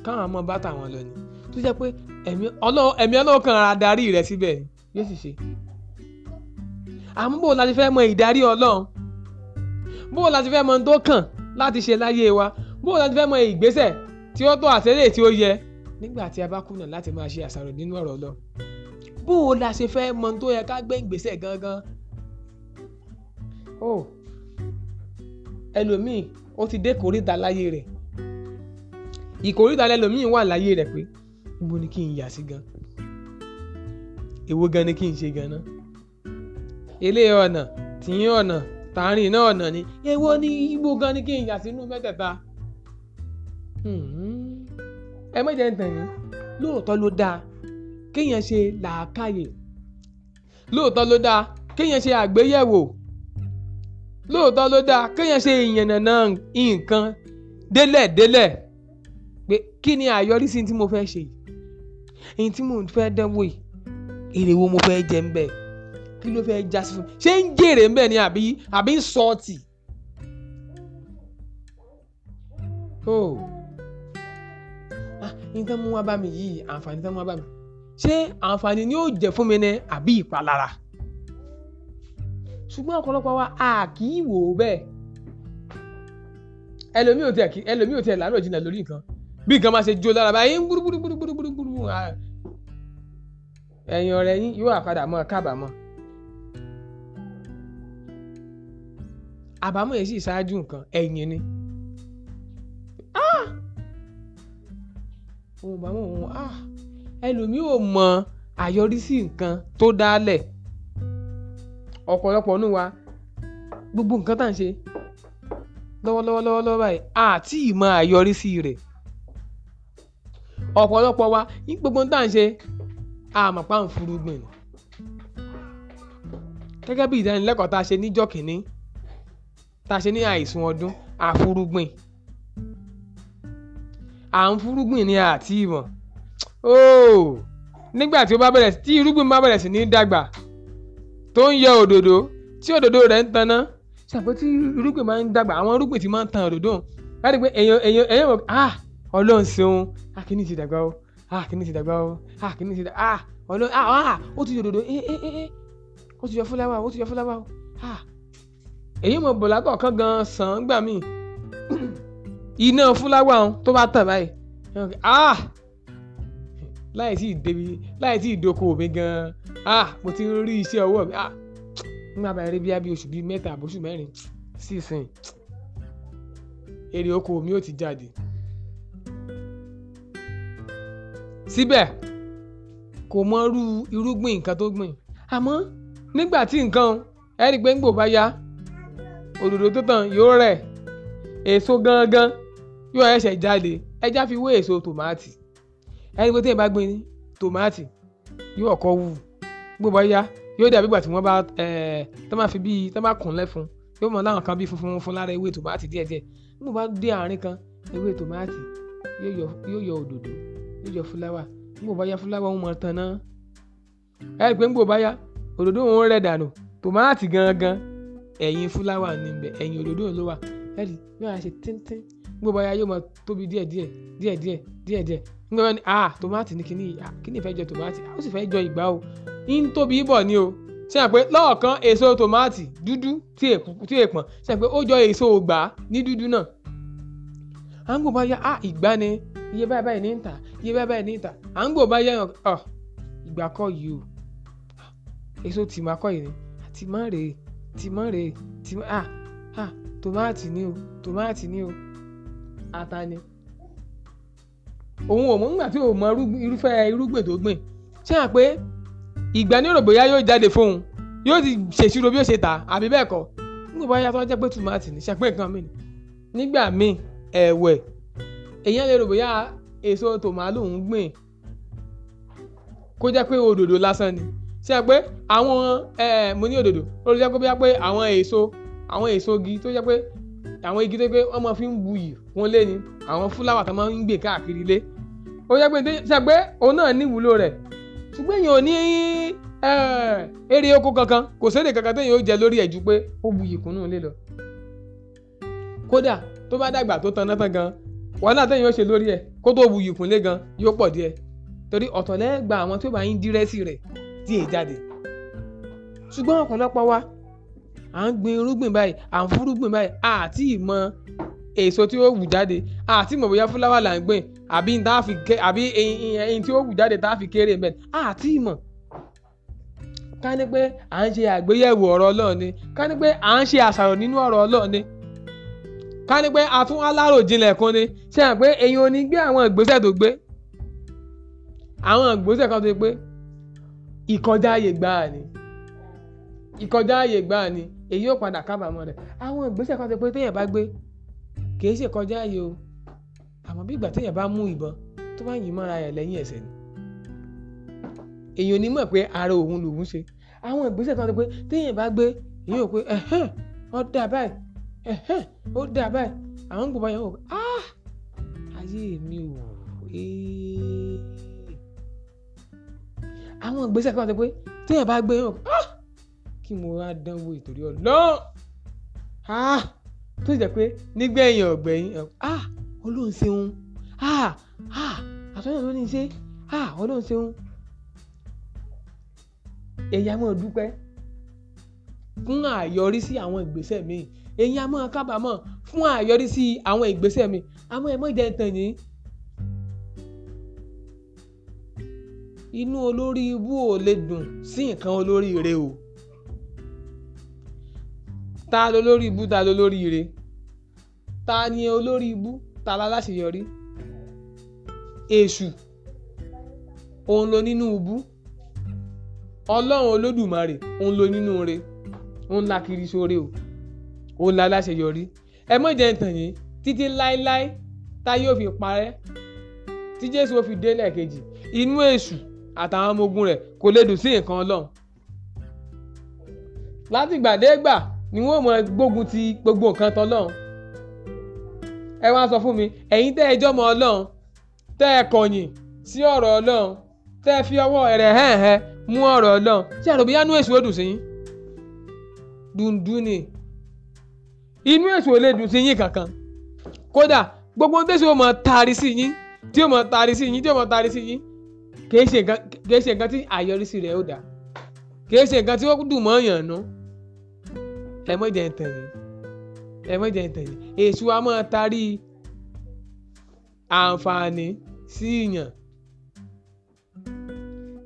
káwọn ọmọ bá tàwọn lọ ni tó jẹ́ pé ẹ̀mí Ọlọ́run kan ara darí rẹ̀ síbẹ̀ yóò sì ṣe àmọ́ bó la ti fẹ́ mọ ìdarí Ọlọ́run bó la ti fẹ́ mọ tó kàn láti ṣe láyé wa bó la ti fẹ́ mọ ìgbésẹ̀ tí ó tọ́ àtẹ́lẹ̀ tí ó yẹ nígbà tí a bá kùnà láti máa ṣe àṣàrò nínú ọ̀rọ̀ lọ bó o la ṣe fẹ́ mọ tó yẹ ká gbé ìgbésẹ̀ gangan o oh. ẹlòmíì ó ti dé kòríta láyé rẹ̀ ìkòríta lẹlòmíì wà láyé rẹ̀ pé ibo ni kí n yà sí gan èwo gan ni kí n ṣe gan ná ilé ọ̀nà tìyín ọ̀nà tààrin náà ọ̀nà ni èwo ni ibo gan ni kí n yà sínú mẹ́tẹ̀ẹ̀ta. Mm-hmm ẹ má jẹ́ ń tàn yín lóòótọ́ ló dáa kéèyàn ṣe làákàyè lóòótọ́ ló dáa kéèyàn ṣe àgbéyẹ̀wò lóòótọ́ ló dáa kéèyàn ṣe ìyànnànà nǹkan délẹ̀délẹ̀ pé kí ni àyọrísí tí mo fẹ́ ṣe èyí tí mo fẹ́ dánwò yìí èrè wo mo fẹ́ jẹ ń bẹ̀ kí ló fẹ́ já sí fún mi ṣé ń jèrè ń bẹ̀ ni àbí àbí ń sọ Oh nǹkan mú wá bá mi yìí àǹfààní tán mú wá bá mi ṣé àǹfààní ni yóò jẹ́ fún mi ní àbí ìpalára ṣùgbọ́n ọ̀pọ̀lọpọ̀ wa a kì í wò ó bẹ́ẹ̀ ẹlòmíì ò tiẹ̀ ẹlòmíì ò tiẹ̀ làárọ̀ jìnnà lórí nǹkan bí nǹkan máa ṣe jó lára báyìí ń gbúrúgbúrúgbúrúgbúrú ẹ̀yin ọ̀rẹ́ yín yóò àpadà mọ́ kábàámọ̀ àbámọ̀ yẹn sì ṣáájú nǹkan ẹ̀yìn ni. fún bàmọ́ òun ah ẹlòmíì ò mọ àyọrísí nǹkan tó dálẹ̀ ọ̀pọ̀lọpọ̀ nù wa gbogbo nǹkan tá à ń ṣe lọ́wọ́lọ́wọ́ lọ́wọ́lọ́wọ́ báyìí àti ìmọ̀ àyọrísí rẹ̀ ọ̀pọ̀lọpọ̀ wa ní gbogbo tá à ń ṣe àmọ̀pá ń furugbìn gẹ́gẹ́ bí ìdánilẹ́kọ̀ọ́ tá a ṣe níjọ́ kìíní tá a ṣe ní àìsùn ọdún àfurugbìn à ń fúrúgbìn ni àti ìmọ̀ ooo nígbà tí ó bá bẹ̀rẹ̀ tí irúgbìn bá bẹ̀rẹ̀ sí ní dàgbà tó ń yọ òdòdó tí òdòdó rẹ̀ ń taná ṣàpò tí irúgbìn máa ń dàgbà àwọn irúgbìn tí máa ń tan òdòdó láti pé èèyàn èèyàn èèyàn wọ̀ ah ọlọ́run ṣeun a ah, kìíní ti dàgbà o a ah, kìíní ti dàgbà o a ah, kìíní ti dàgbà ah ọlọ́run ah ah ó ti yọ òdòdó eh eh eh, eh ó ti yọ fúláwà ó ti yọ fúláwà ah èyí mọ̀ bọ̀lá kọ̀ọ̀kan gan-an sàn án gbà míì iná fúláwà ọ̀hún tó bá tàn báyìí ah láì tí ì débi láì tí ì mi gan ah mo ti ń rí iṣẹ́ ọwọ́ mi ah nígbà bá rí bíi oṣù bíi mẹ́ta àbóṣù mẹ́rin sí ìsìn èrè okòwò mi ò ti jáde. síbẹ̀ kò mọ irú irúgbìn nǹkan tó gbìn àmọ́ nígbà tí nǹkan ẹ̀rí pé ń gbò bá ya òdòdó tó tàn yóò rẹ̀ èso gangan yóò ẹsẹ̀ jáde ẹja fi wé èso tòmátì ẹni pé téèyàn bá gbin tòmátì yóò ọkọ wù gbó bá yá yóò dàbí ìgbà tí wọ́n bá tó máa fi bíi tó máa kùn lẹ́fun yóò mọ láwọn kan bíi funfun fún lára ewé tòmátì díẹ̀díẹ̀ nígbà bá dé àárín kan ewé tòmátì yóò yọ òdòdó yóò yọ fúláwà nígbà bá yá fúláwà ń mọ tanná ẹ rí i pé nígbà bá yá òdòdó òun rẹ̀ dànù tòmátì gangan ẹ̀yìn fúláwà níbẹ̀ ẹ̀yìn òdòdó ló wà ẹ rí yóò ṣe tíntín nígbà báyà yóò máa tóbi díẹ̀ díẹ̀ díẹ̀ díẹ̀ díẹ̀ díẹ̀ nígbà báyà ni ah tòmátì ni kini ah kíní ìfẹ́ jọ tòmátì ó sì fẹ́ jọ ìgbà o ń tóbi bọ̀ ni o ṣe àpé lọ́ọ̀kan èso tòmátì dúdú tí èèpọ̀n ṣe àpé ó jọ èso ògbà ní dúdú náà à ń gbò báyà ah ìgbà ni iye báyìí báyìí ní ń tà iye báyìí báyìí ní ń tà à ń gbò báyà ọ ìgbà kọ́ yìí o èso tì máa yìí ni àti rèé tì rèé tì ah ah tòmátì ni o tòmátì ni o àtàní òun ò mọ̀ nígbà tí ò mọ irúfẹ́ irúgbìn tó gbìn ṣé hàn pé ìgbà ní òròbóyá yóò jáde fóun yóò ti ṣèṣirò bí ó ṣe tà àbí bẹ́ẹ̀ kọ́ nígbà bóyá tó jẹ́ pé tòmátì ní ṣàpé nǹkan mi nígbà míì ẹ̀wẹ̀ èèyàn lè rò bóyá èso tòmálù ń gbìn kó jẹ́ pé òdòdó lásán ni ṣé hàn pé àwọn mo ní òdòdó ó lè jẹ́ pé bóyá pé àwọn èso àwọn èso igi tó jẹ́ pé àwọn igi tó pé wọ́n máa fi ń buyì kún lé ni àwọn fúláwà tó máa ń gbè káàkiri lé ó yẹ pé ṣàgbé òun náà ní ìwúlò rẹ̀ ṣùgbọ́n èèyàn ò ní èrè oko kankan kò séde kankan tó yẹn ó jẹ lórí ẹ̀ ju pé ó buyì kúnnú lé lọ kódà tó bá dàgbà tó tan náà tán gan wàhálà tẹ̀yìn ó ṣe lórí ẹ̀ kó tó buyì kún lé gan yóò pọ̀ díẹ̀ torí ọ̀tọ̀lẹ́ gba àwọn tó bá yín dírẹ́sì rẹ̀ tí èè jáde ṣùgbọ́n ọ̀pọ̀lọpọ̀ wa à ń gbin irúgbìn báyìí à ń fúrúgbìn báyìí àti ìmọ̀ èso tí ó wù jáde àti ìmọ̀ bóyá fúláwà là ń gbìn àbí n tá fi ké àbí eyín tí ó wù jáde tá fi kéré mẹ́ àti ìmọ̀ ká ní pé à ń ṣe àgbéyẹ̀wò ọ̀rọ̀ Ọlọ́run ni ká ní pé à ń ṣe àṣàrò nínú ọ̀rọ̀ Ọlọ́run ni ká ní pé a tún alárò jinlẹ̀ kan ni ṣe hàn pé èyàn ò ní gbé àwọn ìgbésẹ̀ tó gbé àwọn ìgbésẹ̀ kan tó gbé ìkọjá àyè gbáà ni ìkọjá àyè gbáà ni èyí ò padà kábàámọ̀ rẹ̀ àwọn ìgbésẹ̀ kan ti pé téèyàn bá gbé kì í ṣe kọjá yìí o àmọ́ bí ìgbà téèyàn bá mú ìbọn tó bá yìn mọ́ra ẹ̀ lẹ́yìn ẹsẹ̀ ni èèyàn ní mọ̀ pé ara òun lòun ṣe àwọn ìgbésẹ̀ kan ti pé téèyàn bá gbé èyí ò pé ẹ̀hẹ́n ó dà báyìí ẹ̀hẹ́n ó dà báyìí àwọn gbogbo yẹn ah ayé mi ò ee àwọn ìgbésẹ̀ kan ti pé téèyàn bá gbé yẹn wò ah kí mo wá dánwò ìtòrí ọlọ́run ah tó sì jẹ́ pé nígbẹ̀yìn ọ̀gbẹ̀yìn ah ọlọ́run ṣeun ah ah àtọ́yìn ló ní í ṣe ah ọlọ́run ṣeun èyí á máa dúpẹ́ fún àyọrísí àwọn ìgbésẹ̀ mi èyí á máa kábàámọ̀ fún àyọrísí àwọn ìgbésẹ̀ mi àmọ́ ẹ mọ̀ jẹ́ tàn yín. inú olórí ibú ò lè dùn sí nǹkan olóríire o ta ló lórí ibú ta ló lórí ire ta ni olórí ibú ta la láṣeyọrí èṣù òun lo nínú ibú ọlọ́run olódùmarè òun lo nínú re òun la kiri sóore o òun la láṣeyọrí ẹ mọ̀ jẹ́ ntàn yín títí láéláé tá yóò fi parẹ́ tí jésù ó fi dé lẹ́ẹ̀kejì inú èṣù àtàwọn ọmọ ogun rẹ̀ kò lè dùn sí nǹkan ọlọ́run látìgbàdégbà ni wọ́n mọ̀ gbógun ti gbogbo nǹkan tọ́lọ́run ẹ wá sọ fún mi ẹ̀yin tẹ́ ẹ jọ́mọ ọlọ́run tẹ́ ẹ kọ̀yìn sí ọ̀rọ̀ ọlọ́run tẹ́ ẹ fi ọwọ́ rẹ̀ hẹ́n hẹ́n mú ọ̀rọ̀ ọlọ́run tí àròbí yánú èṣù ó dùn sí yín dundun ni inú èṣù ò lè dùn sí yín kankan kódà gbogbo tẹ̀sí ó mọ̀ taari sí yín tí ó mọ̀ taari sí yín tí ó mọ̀ taari sí yín kì í ṣe nǹkan tí àyọrísí rẹ̀ ó dà kì í ṣe nǹkan tí ó dùn mọ́ yàn nù ẹ mọ̀ jẹ́ ntàn yìí ẹ mọ̀ jẹ́ ntàn yìí èṣù a máa tarí àǹfààní sí ìyàn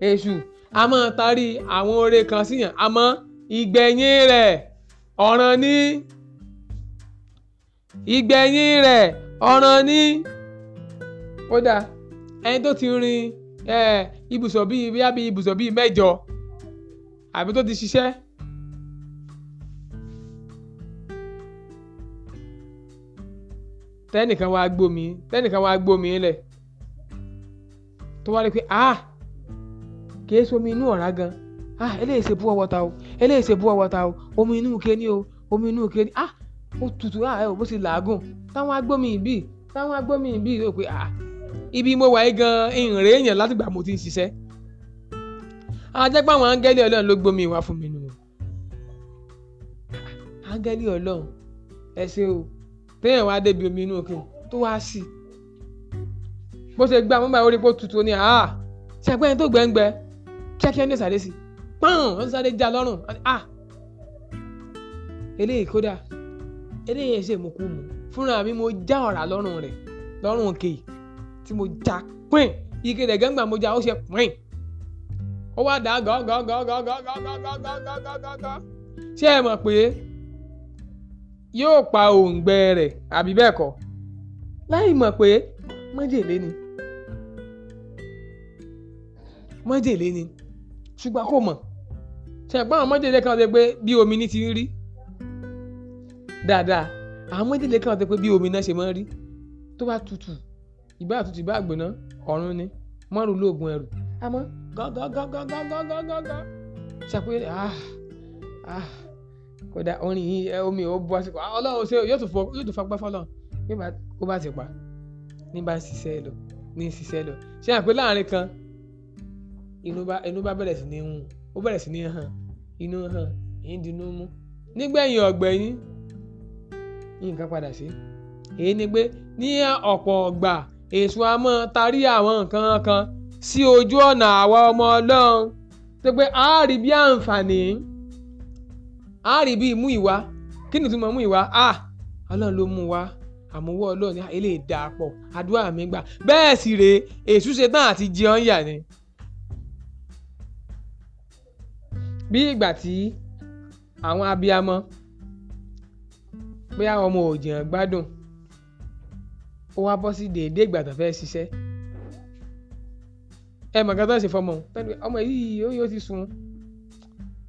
èṣù a máa tarí àwọn oore kan sí ìyàn àmọ́ ìgbẹ̀yìn rẹ̀ ọ̀ràn ni ìgbẹ̀yìn rẹ̀ ọ̀ràn ni ó dáa ẹni tó ti rin ibùsọ̀ bíi bíi ibùsọ̀ bíi mẹ́jọ àbí tó ti ṣiṣẹ́ tẹ́nìkan wá gbómi tẹ́nìkan wá gbómi lẹ̀ tó wá rí pé ah kìí ṣe omi inú ọ̀rá gan ah eléyìí ṣe púpọ̀ wọ́ta o eléyìí ṣe púpọ̀ wọ́ta o omi inú kéní o omi inú kéní ah ó tutù ah ẹ ò bó ṣe làágùn táwọn agbómi ìbí táwọn agbómi ìbí rò pé ah ibi mo wà yí gan ìrìn èèyàn látìgbà mo ti ń ṣiṣẹ́ ajẹ́pẹ́ àwọn áńgẹ́lì ọlọ́run ló gbómi wá fún mi nù áńgẹ́lì ọlọ́run ẹ ṣé o téèyàn wá débi omi inú òkè tó wá sí i bó ṣe gbá mọ́bà orí pò tutù ní àá ṣe àgbẹ̀yìn tó gbẹ̀ngbẹ̀ kíákíá ní ìsàlẹ̀ sí pọ́n ó ń sáré já lọ́rùn à eléyìí kódà eléyìí ṣe mú kú mu fúnra mi mo já ọ̀rá lọ́rùn rẹ̀ lọ́rùn òkè tí mo já pín ike rẹ̀ gẹ́gbà mo já ó ṣe pín ó wá dá gọ́gọ́gọ́gọ́gọ́gọ́gọ́gọ́gọ́gọ́ ṣé ẹ mọ̀ pé yóò pa òǹgbẹ rẹ̀ àbí bẹ́ẹ̀ kọ́ láì mọ̀ pé májèlé ni májèlé ni ṣùgbọ́n kò mọ̀ ṣẹ̀gbọ́n àwọn májèlé kan ṣe pé bí omi ní ti ń rí dáadáa àwọn májèlé kan ṣe pé bí omi náà ṣe máa ń rí tó bá tutù ìbá tutù ìbá gbóná ọ̀run ni mọ́rùn lóògùn ẹrù àmọ́ gángan gángan gángan gángan gángan ṣàpè ah ah kódà orin yìí omi ò bu àsìkò ah, ọlọ́run ṣe yóò tún fọ yóò tún fagbá fọlọ́run nígbà ó bá ti pa ní bá ń ṣiṣẹ́ lọ ní ń ṣiṣẹ́ lọ ṣé àpé láàrin kan inú bá inú bá bẹ̀rẹ̀ sí ní hun ó bẹ̀rẹ̀ sí ní hàn inú hàn èyí dinú mú nígbẹ̀yìn ọ̀gbẹ̀yìn nǹkan padà sí èyí ni pé ní ọ̀pọ̀ ọ̀gbà èso a máa tarí àwọn nǹkan kan sí ojú ọ̀nà àwa ọmọ ọlọ́run tó pé a rí bí àǹfààní á rí bí mú ìwá kí ni ìtumọ̀ mú ìwá à ọlọ́run ló mú wa àmúwọ́ ọlọ́run ní ilé ìdàpọ̀ àdúrà mi gbà bẹ́ẹ̀ sì rèé èṣù ṣetán àti jẹun yà ni. bí ìgbà tí àwọn abiyamọ bóyá ọmọ òjìyàn gbádùn ó wá bọ́ sí déédéé ìgbà tó fẹ́ ṣiṣẹ́ ẹ mọ̀ kan tó ń ṣe fọmọ ọmọ yìí ó yóò ti sùn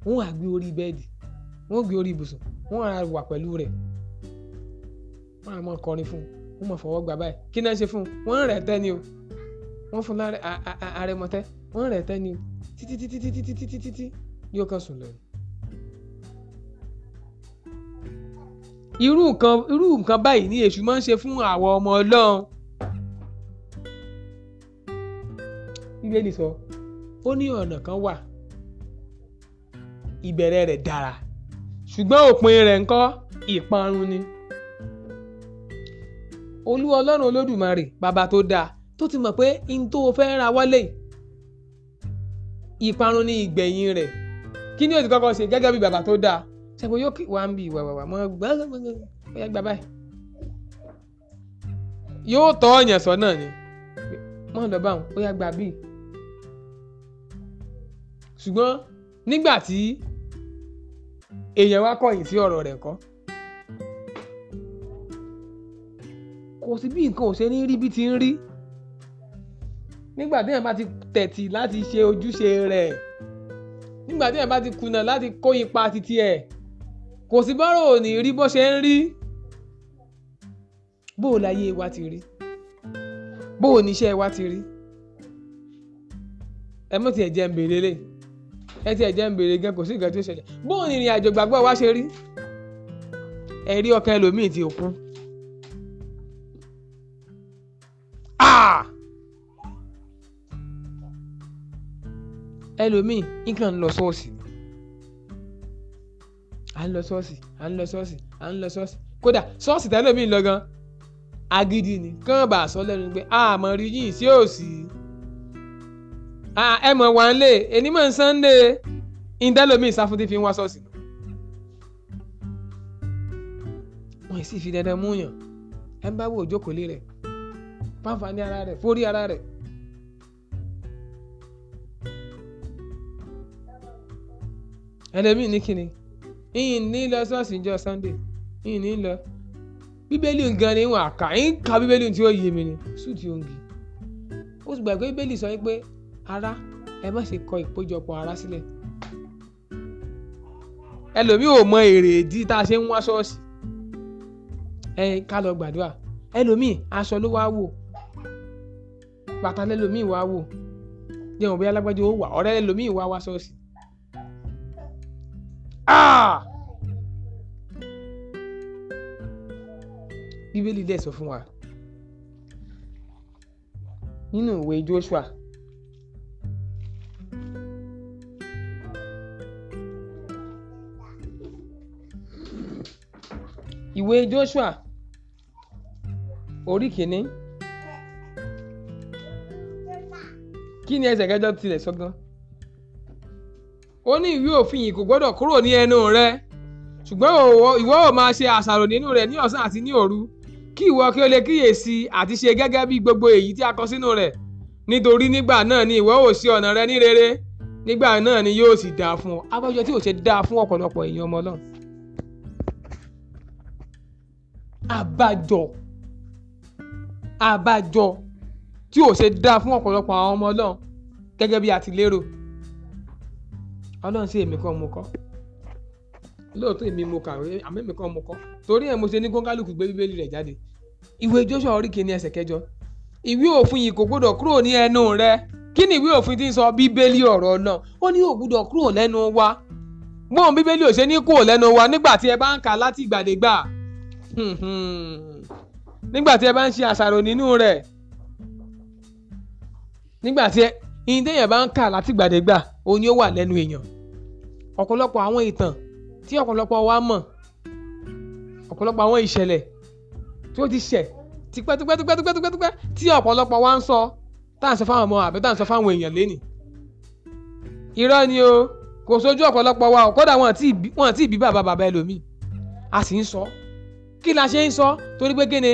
òun àgbé orí bẹ́ẹ̀dì wọn ò gbé orí ibùsùn wọn á wà pẹ̀lú rẹ̀ wọn á mọ kọrin fún un wọn mọ fọwọ́ gbà báyìí kí náà ṣe fún un wọn rẹ̀ tẹ́ ni o wọn fún arẹmọtẹ́ wọn rẹ̀ tẹ́ ni o títí títí títí títí títí tí yóò kàn sùn lọ. irú nǹkan irú nǹkan báyìí ni èṣù máa ń ṣe fún àwọn ọmọ ọlọ́run. bíbélì sọ ó ní ọ̀nà kan wà ìbẹ̀rẹ̀ rẹ̀ dára ṣùgbọ́n òpin rẹ̀ ńkọ́ ìparun ni. olú ọlọ́run olódùmarè bàbá tó dáa tó ti mọ̀ pé n tó fẹ́ ra wálé ìparun ni ìgbẹ̀yìn rẹ̀ kí ni ó ti kọ́kọ́ ṣe gẹ́gẹ́ bí bàbá tó dáa ṣẹ́gun yóò kí wá ń bi wàwàwà mọ́ gbà báyìí yóò tọ́ ọ̀yàn sọ́nà ni mọ́ lọ báwọn ó yá gbà bíi ṣùgbọ́n nígbà tí èèyàn wá kọ̀yìn sí ọ̀rọ̀ rẹ̀ kọ́ kò sí bí nǹkan ò ṣe ní rí bí ti ń rí nígbà téèyàn bá ti tẹ̀tì láti ṣe ojúṣe rẹ̀ nígbà téèyàn bá ti kùnà láti kó ipa titi ẹ̀ kò sí bọ́rọ̀ ò ní rí bó ṣe ń rí bó o láyé wa ti rí bó o níṣẹ́ wa ti rí ẹ mọ̀ tiẹ̀ jẹ́ ń bèrè lẹ́yìn ẹ ti ẹ̀jẹ̀ ń béèrè gan kò sí nǹkan tó ṣẹlẹ̀ bóun ni ìrìn gbàgbọ́ wa ṣe rí ẹ̀rí ọkàn ẹlòmíì ti kú. Ah! ẹlòmíì nǹkan ń lọ ṣọ́ọ̀ṣì ni à ń lọ ṣọ́ọ̀ṣì à ń lọ ṣọ́ọ̀ṣì à ń lọ ṣọ́ọ̀ṣì kódà ṣọ́ọ̀ṣì tẹ́lẹ̀ mi lọ gan agídí ni kán bá a sọ lẹ́nu pé àmọ́ rí yìí sí òsì. Si ẹ mọ̀ wá ń lè èní Sunday ìdẹ́lómi ìsáfúndí fi ń wá ṣọ́ọ̀ṣì. wọ́n sì fi dandan mú yàn ẹ bá wo òjókòólé rẹ̀ pàǹfààní ara rẹ̀ forí ara rẹ̀. ẹlẹ́mìí ní kíni ìyìn ní lọ ṣọ́ọ̀ṣì jọ Sunday ìyìn ní lọ bíbélì gan ni wọn àkà ń ka bíbélì tí ó yé mi ni sùn tí ó ń gi ó sì gbàgbé bíbélì sọ pé ará ẹ má ṣe kọ ìpéjọpọ̀ ará sílẹ̀ ẹlòmíì ò mọ èrè ìdí tá a ṣe ń wá ṣọ́ọ̀ṣì ẹ ká lọ gbàdúrà ẹlòmíì aṣọ ló wá wò bàtà lẹlòmíì wá wò jẹun bí alágbájọ ó wà ọ̀rẹ́ lẹlòmíì wá wá ṣọ́ọ̀ṣì. Ah! bíbélì dẹ̀ sọ fún wa nínú ìwé Joshua ìwé Joshua orí kìíní kí ni ẹsẹ̀ kẹjọ tilẹ̀ sọ́gbọ́n ó ní ìwé òfin yìí kò gbọ́dọ̀ kúrò ní ẹnu rẹ ṣùgbọ́n ìwọ ò máa ṣe àṣàrò nínú rẹ̀ ní ọ̀sán àti ní òru kí ìwọ kí o lè kíyèsí àti ṣe gẹ́gẹ́ bí gbogbo èyí tí a kọ sínú rẹ̀ nítorí nígbà náà ni ìwọ ò ṣe ọ̀nà rẹ ní rere nígbà náà ni yóò sì dáa fún ọ abájọ tí ò ṣe dáa fún ọ̀pọ̀lọpọ̀ èèyàn ọmọ Ọlọ́run àbájọ àbájọ tí ò ṣe dáa fún ọ̀pọ̀lọpọ̀ àwọn ọmọ ọlọ́run gẹ́gẹ́ bí a ti lérò ọlọ́run sí èmi kan mo kọ́ lóòótọ́ èmi mo kàwé àmọ́ èmi kan mo kọ́ torí ẹ̀ mo ṣe ní kọ́ńkálùkù gbé bíbélì rẹ̀ jáde ìwé Joshua orí kìíní ẹsẹ̀ kẹjọ ìwé òfin yìí kò gbọdọ̀ kúrò ní ẹnu rẹ kí ni ìwé òfin ti ń sọ bíbélì ọ̀rọ̀ náà ó ní ò kúrò lẹ́nu wa gbọ́n bíbélì ò ṣe ní kúrò lẹ́nu wa nígbà tí ẹ bá ń kà láti ìgbàdégbà *laughs* nígbà tí ẹ bá ń ṣe àṣàrò nínú rẹ̀ nígbà tí ẹ ìyìn téèyàn bá ń kà látìgbàdégbà ó ní ó wà lẹ́nu èèyàn ọ̀pọ̀lọpọ̀ àwọn ìtàn tí ọ̀pọ̀lọpọ̀ wa mọ̀ ọ̀pọ̀lọpọ̀ àwọn ìṣẹ̀lẹ̀ tí ó ti ṣẹ̀ tipẹ́tipẹ́tipẹ́tipẹ́tipẹ́ tí ọ̀pọ̀lọpọ̀ wa ń sọ tá à ń sọ fáwọn ọmọ àbí tá à ń sọ fáwọn èèyàn lẹ́nì irọ́ ni o kò sójú ọ̀pọ̀lọpọ̀ wa ò kódà wọn àti ìbí bàbá bàbá ẹlòmíì a sì ń sọ ọ́ kí la ṣe ń sọ torí pé kíni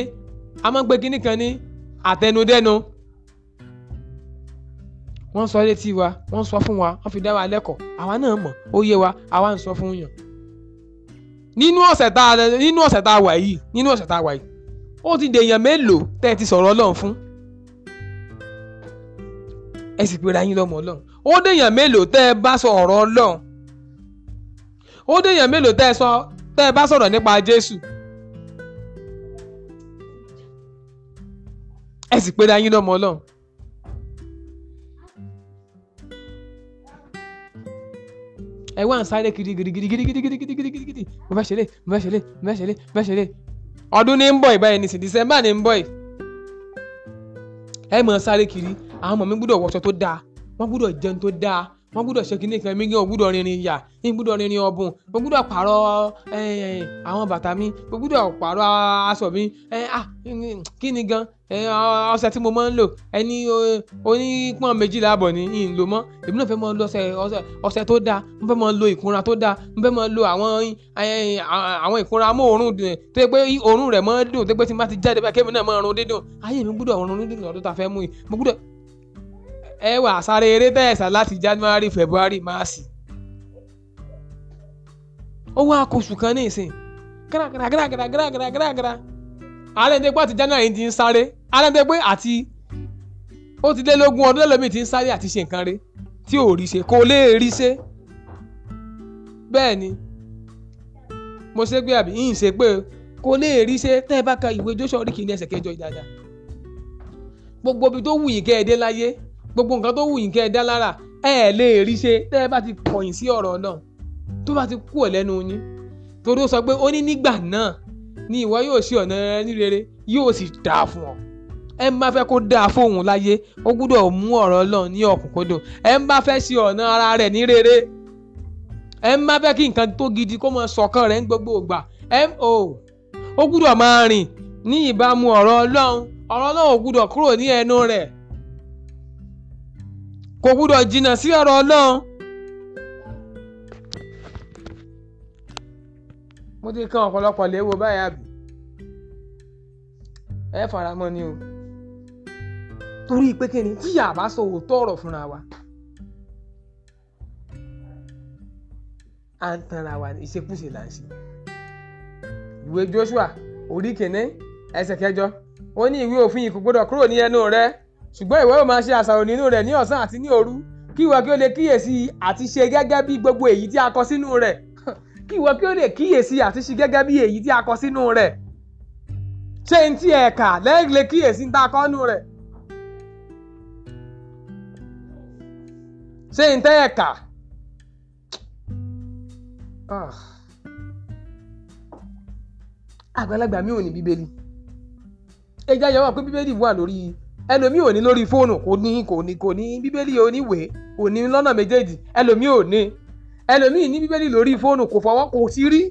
a máa ń gbé kíní kan ní àtẹnudẹ́nu wọ́n sọ létí wa wọ́n sọ fún wa wọ́n fi dá wa lẹ́kọ̀ọ́ àwa náà mọ̀ ó yé wa àwa ń sọ fún yàn nínú ọ̀sẹ̀ tá a nínú ọ̀sẹ̀ tá a wà yìí nínú ọ̀sẹ̀ tá a wà yìí ó ti dèèyàn mélòó tẹ́ ẹ ti sọ̀rọ̀ ọlọ́run fún ẹ sì pera yín lọ́mọ ọlọ́run ó dèèyàn mélòó tẹ́ ẹ bá sọ ọ̀rọ̀ ọlọ́run ó dèèyàn mélòó tẹ́ ẹ bá sọ̀rọ̀ nípa Jésù ẹ sì pé dáyín lọ́mọ ọlọ́run. ẹ wá ń sáré kiri kiri kiri kiri kiri kiri kiri kiri kiri kiri mo fẹ́ ṣeré mo fẹ́ ṣeré mo fẹ́ ṣeré mo fẹ́ ṣeré ọdún ní ń bọ̀ ìbáyìí nìsín December ní ń bọ̀ yìí ẹ mọ̀ sáré kiri àwọn ọmọ mi gbọ́dọ̀ wọṣọ tó dáa wọ́n gbọ́dọ̀ jẹun tó dáa wọ́n gbúdọ̀ ṣe kíní kan mi gan gbúdọ̀ rinrin yà ní gbúdọ̀ rinrin ọ̀bùn mo gbúdọ̀ pààrọ̀ àwọn bàtà mi mo gbúdọ̀ pààrọ̀ aṣọ mi kí gan ọṣẹ tí mo máa ń lò ẹni onípọ̀n méjìlá àbọ̀ ni n lò mọ́ èmi náà fẹ́ máa lo ọṣẹ tó dáa mo fẹ́ máa lo ìkunra tó dáa mo fẹ́ máa lo àwọn ìkunra amóòórùn tó yẹ pé òórùn rẹ̀ máa ń dùn tó yẹ pé tí n bá ti jáde bá kémi náà máa rún dídùn ayé mi gbúdọ̀ rún dídùn lọ́dún tá a fẹ́ mú yìí mo gbúdọ̀ ẹ wà sáré eré tẹ̀sà láti January February March ó wá kóṣù kan ní ìsìn gíragíragíragíragíragíragíragírá alẹ́ńdẹ́ pé àti January ti ń sáré alẹ́ńdẹ́ pé àti ó ti lé lógún ọdún lẹ́lọ́mìn ti ń sáré àti ṣe nǹkan rẹ̀ tí ò rí ṣe kò lè rí ṣe bẹ́ẹ̀ ni mo ṣe pé àbí yìí ṣe pé kò lè rí ṣe tẹ́ ẹ bá ka gbogbo nǹkan tó wù yín kẹ́ ẹ dá lára ẹ lè rí ṣe tẹ́ ẹ bá ti kọ̀yìn sí ọ̀rọ̀ Ọlọ́run tó bá ti kú ọ̀ lẹ́nu yín torí ó sọ pé ó ní nígbà náà ni ìwọ yóò ṣe ọ̀nà rẹ ní rere yóò sì dáa fún ọ ẹ ń bá fẹ́ kó dáa fóun láyé ó gbúdọ̀ mú ọ̀rọ̀ Ọlọ́run ní ọ̀kúnkúndùn ẹ ń bá fẹ́ ṣe ọ̀nà ara rẹ̀ ní rere ẹ ń bá fẹ́ kí nǹkan tó gidi kó máa ṣọ̀kan rẹ̀ ń gbogbo ìgbà mo ó gbúdọ̀ máa rìn ní ìbámu ọ̀rọ̀ Ọlọ́run ọ̀rọ̀ Ọlọ́run ò gbúdọ̀ kúrò ní ẹnu rẹ̀ kò gbúdọ̀ jìnnà sí ọ̀rọ̀ ọlọ́run. mo ti kàn ọ̀pọ̀lọpọ̀ léwu báyìí àbí ẹ fara mọ́ ni o torí pé kí ni tí yàrá bá sọ òótọ́ ọ̀rọ̀ fúnra wa à ń tanra wa ní ìṣekúṣe là ń ṣe ìwé Joshua orí kìíní ẹsẹ̀ kẹjọ ó ní ìwé òfin yìí kò gbọ́dọ̀ kúrò ní ẹnu rẹ ṣùgbọ́n ìwọ yóò máa ṣe àṣàrò nínú rẹ̀ ní ọ̀sán àti ní òru kí ìwọ kí o lè kíyèsí àti ṣe gẹ́gẹ́ bí gbogbo èyí tí a kọ sínú rẹ̀ *laughs* kí ìwọ kí o lè kíyèsí àti ṣe gẹ́gẹ́ bí èyí tí a kọ sínú rẹ̀ ṣé n ti ẹ̀ka lẹ́yìn lè kíyèsí ń ta kọ́nù rẹ̀ ṣé n tẹ́ ẹ̀ka ah. àgbàlagbà mi ò ní bíbélì ẹ jẹ́ àyẹ̀wò pé bíbélì wà lórí ẹlòmíì ò ní lórí fóònù kò ní kò ní kò ní bíbélì oníwèé kò ní lọ́nà méjèèjì ẹlòmíì ò ní ẹlòmíì ní bíbélì lórí fóònù kò fọwọ́ kò sí rí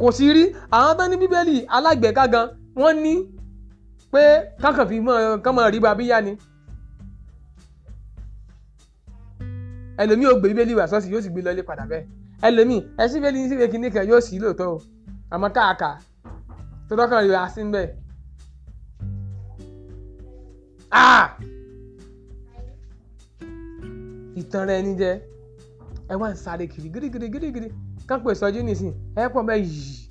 kò sí rí àwọn tó ní bíbélì alágbèéká gan wọ́n ní pé kákan fi mọ kán mọ rí babíyá ni ẹlòmíì ò gbé bíbélì wá sọ́ọ̀sì yóò sì gbé lọ́lé padà bẹ́ẹ̀ ẹlòmíì ẹsìn bíbélì ní síbi kìnnìkan yóò sì lóòótọ́ o àmọ́ káàkà tó dọ́kàn rí wa sí ń bẹ́ẹ̀ ìtàn rẹ ní jẹ ẹ wá ń sáré kiri girigirigirigiri kán pè sọjú nìsín ẹ pọ̀ mẹ́ yìí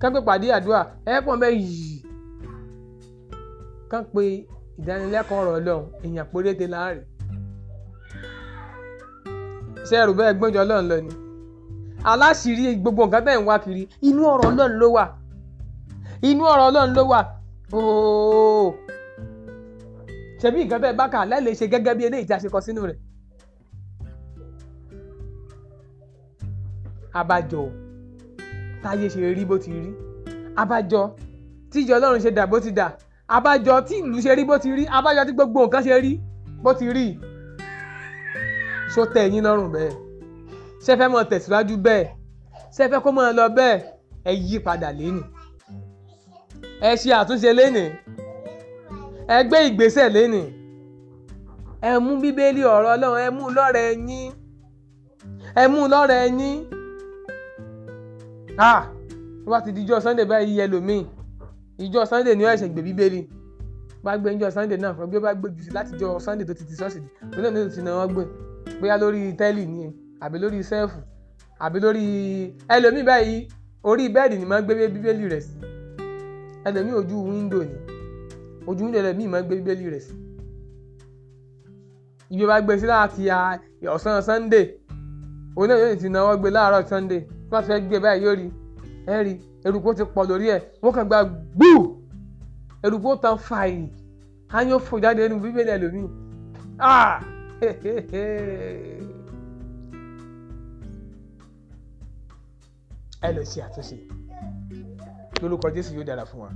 kán pè pàdé àdúrà ẹ pọ̀ mẹ́ yìí kán pè ìdánilẹ́kọ̀ọ́ ọ̀rọ̀ ọlọ́run èèyàn péréte láàrin ṣé ẹrù bẹ́ẹ̀ gbọ́njọ ọlọ́run lọ ni aláṣìírí gbogbo nǹkan tẹ̀ ń wá kiri inú ọ̀rọ̀ ọlọ́run ló wà inú ọ̀rọ̀ ọlọ́run ló wà ooo ṣebí nǹkan bẹ́ẹ̀ bá kà lẹ́lẹ̀ ṣe gẹ́gẹ́ bí eléyìí tí a ṣe kọ sínú rẹ̀. abájọ táyé ṣe rí bó ti rí abájọ tíjọ ọlọ́run ṣe dà bó ti dà abájọ tí ìlú ṣe rí bó ti rí abájọ tí gbogbo nǹkan ṣe rí bó ti rí ṣó tẹ́ ẹ̀yin lọ́rùn bẹ́ẹ̀ ṣé fẹ́ mọ̀ tẹ̀síwájú bẹ́ẹ̀ ṣé fẹ́ kó mọ̀ lọ bẹ́ẹ̀ ẹ yí padà lẹ́nu ẹ ṣe àtúnṣe lẹ́nu ẹ gbé ìgbésẹ̀ lẹ́nìí ẹ mú bíbélì ọ̀rọ̀ ọlọ́run ẹ mú lọ́rẹ̀ ẹ̀yin ẹ mú lọ́rẹ̀ ẹ̀yin ah wá ti di ijọ́ sunday báyìí yẹ lòmíì ìjọ sunday ni ó ẹ̀ṣẹ̀ gbé bíbélì bá gbé ìjọ sunday náà fún bí ó bá gbé jù sí láti jọ sunday tó ti ti ṣọ́ọ̀ṣì dì lónìí nínú ti náà wọ́n gbé bóyá lórí tẹ́lì ni àbí lórí sẹ́ẹ̀fù àbí lórí ẹlòmíì báyìí orí bẹ́ẹ̀dì ni máa ń gbé bíbélì rẹ̀ sí ẹlòmíì ojú wíńdò ni ojú ń lẹ̀lẹ̀ míì máa ń gbé bíbélì rẹ̀ sí ibi bá gbé sí láti ọ̀sán sunday òun náà yóò ti náwó gbé láàárọ̀ sunday tí wọ́n ti fẹ́ gbé báyìí yóò rí ẹ rí eruku ti pọ̀ lórí ẹ̀ wọ́n kàn gba gbúù eruku tán fààyè ayé fò jáde nínú bíbélì ẹlòmíì ah ẹ lọ ṣe àtúnṣe lórúkọ jésù yóò dára fún wa.